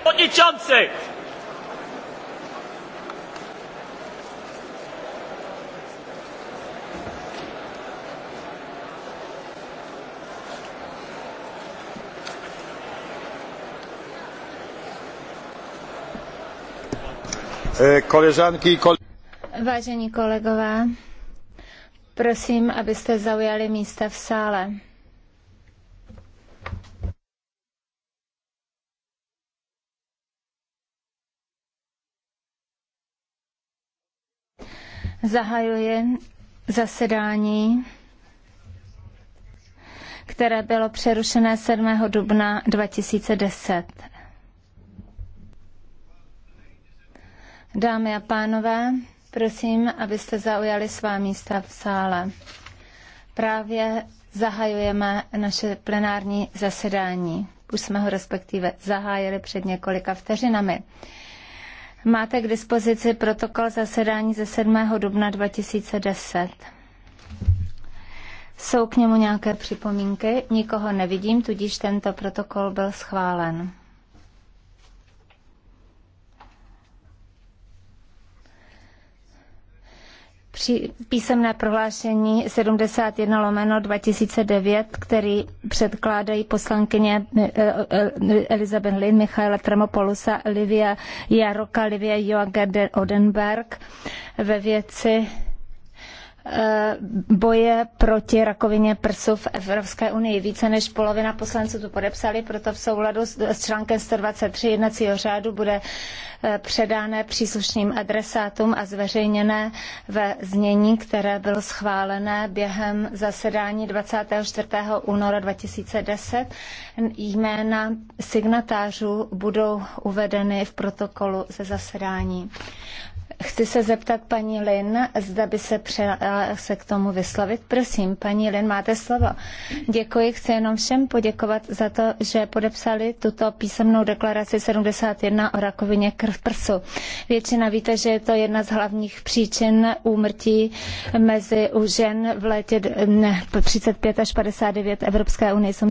przewodniczący! Koleżanki i koledzy. Vážení kolegové, prosím, abyste zaujali místa v sále. Zahajuji zasedání, které bylo přerušené 7. dubna 2010. Dámy a pánové, prosím, abyste zaujali svá místa v sále. Právě zahajujeme naše plenární zasedání. Už jsme ho respektive zahájili před několika vteřinami. Máte k dispozici protokol zasedání ze 7. dubna 2010. Jsou k němu nějaké připomínky? Nikoho nevidím, tudíž tento protokol byl schválen. při písemné prohlášení 71 lomeno 2009, který předkládají poslankyně eh, eh, Elizabeth Lin, Michaela Tremopolusa, Livia Jaroka, Livia Joager Odenberg ve věci Eh, boje proti rakovině prsu v Evropské unii. Více než polovina poslanců to podepsali, proto v souladu s článkem 123 jednacího řádu bude eh, předána příslušným adresátům a zveřejněné ve znění, které bylo schválené během zasedání 24. února 2010. Jména signatářů budou uvedeny v protokolu ze zasedání. Chci se zeptat paní Lin, zda by se přela se k tomu vyslovit. Prosím, paní Lin, máte slovo. Děkuji, chci jenom všem poděkovat za to, že podepsali tuto písemnou deklaraci 71 o rakovině krv prsu. Většina víte, že je to jedna z hlavních příčin úmrtí mezi u žen v létě 35 až 59 Evropské unie.